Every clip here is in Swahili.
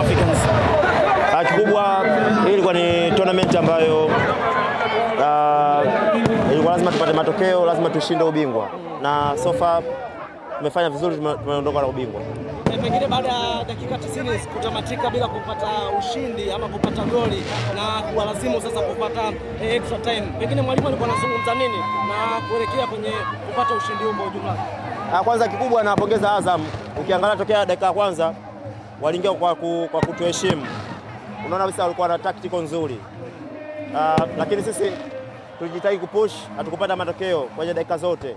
Africans. Ah, kikubwa hii ilikuwa ni tournament ambayo uh, ilikuwa lazima tupate matokeo, lazima tushinde ubingwa na so far tumefanya vizuri, tumeondoka na ubingwa. Pengine baada ya dakika 90 kutamatika bila kupata ushindi ama kupata goli na kuwalazimu sasa kupata eh, extra time, pengine mwalimu alikuwa anazungumza nini na kuelekea kwenye kupata ushindi huo kwa ujumla? Ah, kwanza kikubwa, nawapongeza Azam, ukiangalia tokea dakika ya kwanza waliingia kwa, ku, kwa kutuheshimu. Unaona kabisa walikuwa na taktiko nzuri uh, lakini sisi tulijitahidi kupush, hatukupata matokeo kwenye dakika zote,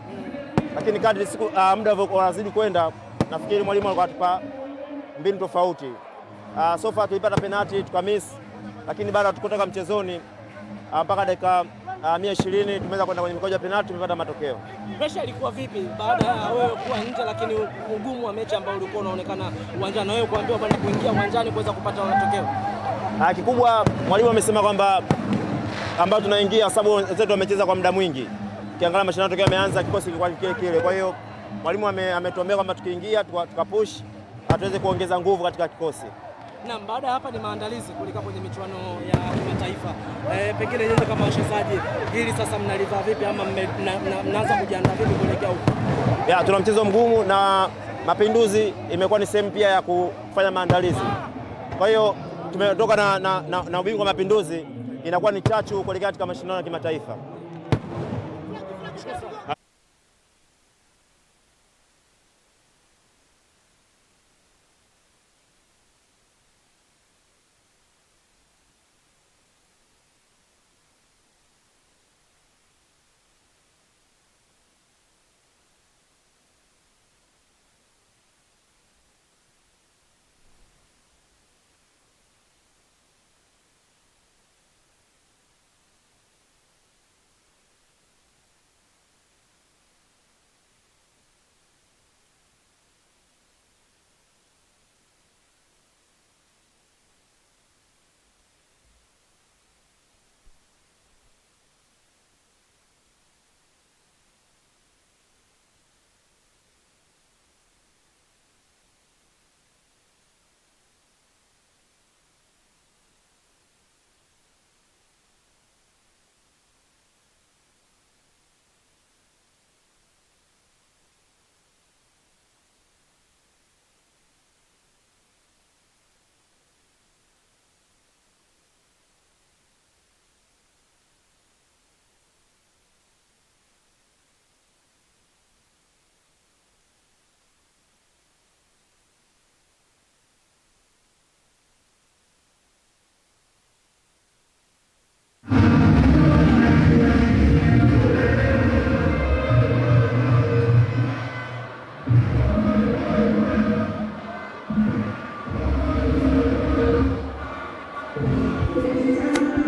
lakini kadri siku uh, muda unazidi kwenda, nafikiri mwalimu alikuwa atupa mbinu tofauti. Uh, so far tulipata penalti tukamiss, lakini bado hatukutoka mchezoni mpaka uh, dakika Ah, mia ishirini tumeweza kwenda kwenye mikoja penalti, tumepata matokeo. Presha ilikuwa vipi baada ya wewe kuwa nje, lakini ugumu wa mechi ambao ulikuwa unaonekana uwanjani na wewe kuambiwa bwana kuingia uwanjani kuweza kupata matokeo? Ah, kikubwa mwalimu amesema kwamba ambao tunaingia sababu wenzetu wamecheza kwa muda mwingi, kiangalia mashindano tokea ameanza kikosi kilikuwa kile kile. Kwa hiyo mwalimu ametuambia kwamba tukiingia tukapush, hatuweze kuongeza nguvu katika kikosi. Na baada ya hapa ni maandalizi kulika kwenye michuano ya kimataifa. E, pengine nyenzo kama wachezaji hili sasa mnalivaa vipi ama mnaanza kujiandaa vipi kuelekea huko? Ya, tuna mchezo mgumu na Mapinduzi imekuwa ni sehemu pia ya kufanya maandalizi. Kwa hiyo tumetoka na, na, na, na ubingwa wa Mapinduzi, inakuwa ni chachu kuelekea katika mashindano ya kimataifa. Thank you.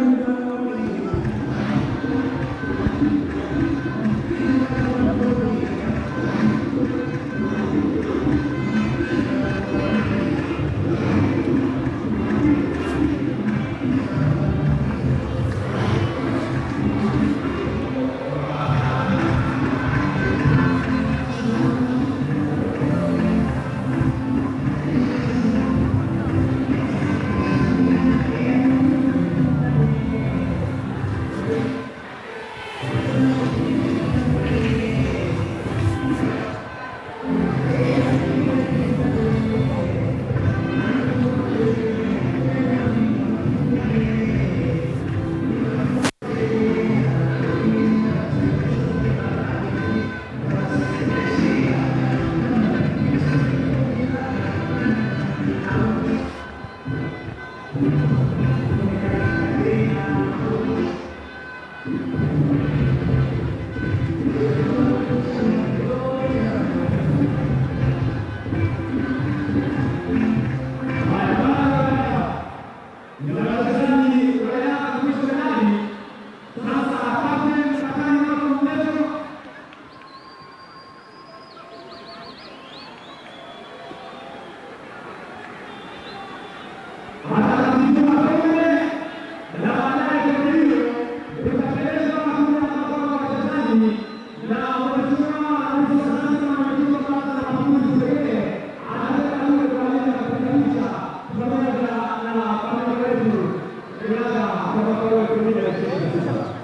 박근혜 의원을 국민의 뜻입니다.